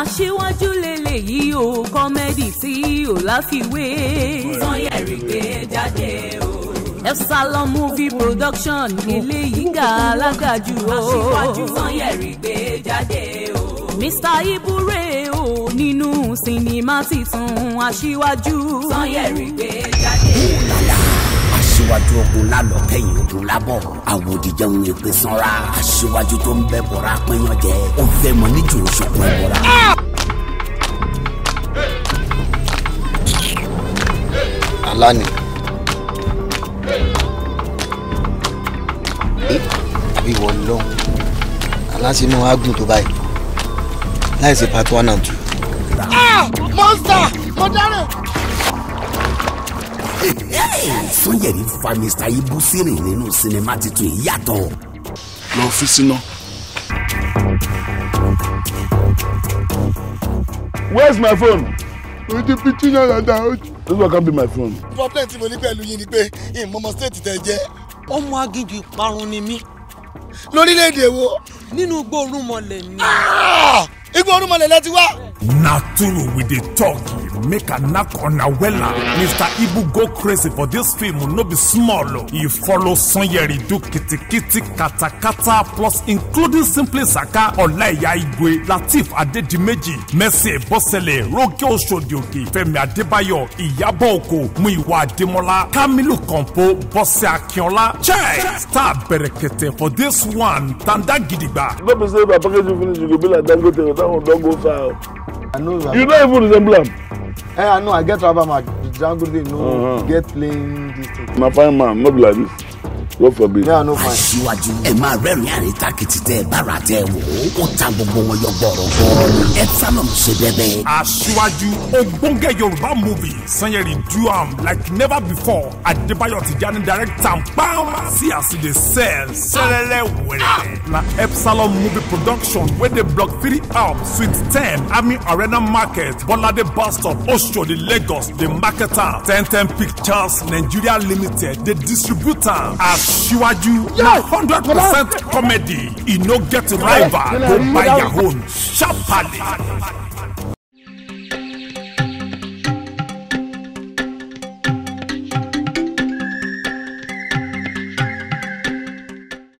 aṣíwájú lélẹ̀ yìí o kọ́mẹ́dì tí ò láfiwé. sanyẹ̀rì gbé jáde o. Epsilon movie production eléyìí ga alágàjù o. aṣíwájú sanyẹ̀rì gbé jáde o. Mr Ibure o nínú sinimá titun aṣíwájú. sanyẹ̀rì gbé jáde o aṣíwájú ogun lálọ́ kẹ́yìn ogun lábọ̀ àwòdìjẹun èpè sanra aṣíwájú tó ń bẹ́ bọ̀rọ̀ apẹ́yànjẹ ó fẹ́ mọ níjù òṣùkú ẹ̀ bọ̀rọ̀. alani. àbí ìwọ aláṣẹ́nu agùn tó báyìí láì ṣe pàtó ànàtù. monster mo Sanyeri fa Mr. Ibu sírìn nínú sinimá titun yìí lọ fi síná. where's my phone. ojú pichi náà dada ojú. this one can be my phone. problem tí mo ní pẹ̀lú yín ni pé ìmọ̀mọ́ state tẹ̀ jẹ́. ọmọ agídí parun ni mí. lórílẹ̀‐èdè wo. nínú igbó orúnmọlẹ̀ ni. Ah! igbó orúnmọlẹ̀ lẹ wá. na we dey talk make a knock on a wella mr ibu go crazy for this film no be small o e follow sanyeri do kata kata plus including simply saka ọláìyá igwe lateef adedimeji mercy ebosele roge osodioke fẹ́mi adébáyọ̀ ìyábọ̀ oko muiwa ademola kamilu kompo bọ́sẹ̀ akínọlá chai star bẹ̀rẹ̀kẹ̀tẹ̀ for this one tanda gidigba. no be say my packaging finish you go be like dangote without one don go far. you no even resemble am eh i know i get rubber mark the django dey no mm-hmm. get plain This thing. My fine man not like this wọ́n fọ mi. aṣíwájú ẹ máa rẹ́rìn àrè tákìtì tẹ bára tẹ wò ó ta gbogbo wọn yọ gbọ̀rọ̀ gbọ̀rọ̀ ni Epsilon ṣe bẹ́bẹ́. aṣíwájú ogbóngẹ yorùbá movie sanyẹri do am like never before adébáyọ̀ tìjání direct am pam see as e dey sell sẹlẹlẹ wẹrẹ na Epsilon movie production wey dey block three up suite ten army arena market bolade bus stop oshodi lagos dey market am ten ten pictures nigeria limited dey distribute am aṣíwájú na hundred percent comedy e no get rival go buy your own sharparly.